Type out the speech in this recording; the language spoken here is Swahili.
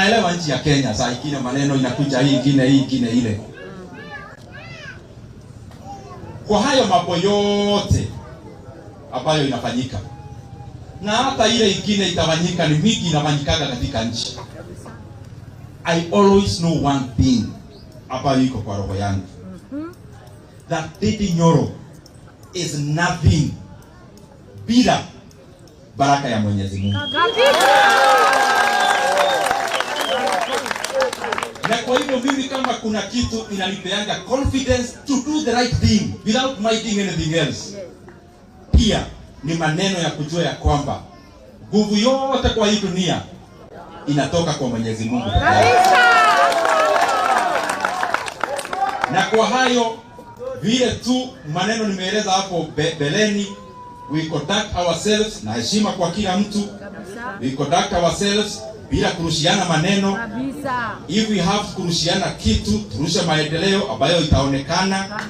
naelewa nchi ya Kenya saa ingine maneno inakuja hii ingine hii ingine ile. Kwa hayo mambo yote ambayo inafanyika na hata ile ingine itafanyika, ni mingi inafanyikaga katika nchi. I always know one thing ambayo iko kwa roho yangu that Ndindi Nyoro is nothing bila baraka ya Mwenyezi Mungu. Kwa hivyo mimi kama kuna kitu inanipeanga confidence to do the right thing without minding anything else, pia ni maneno ya kujua ya kwamba nguvu yote kwa hii dunia inatoka kwa Mwenyezi Mungu na kwa hayo vile tu maneno nimeeleza hapo be, beleni, we conduct ourselves na heshima kwa kila mtu, we conduct ourselves bila kurushiana maneno kabisa. If we have kurushiana kitu, turushe maendeleo ambayo itaonekana.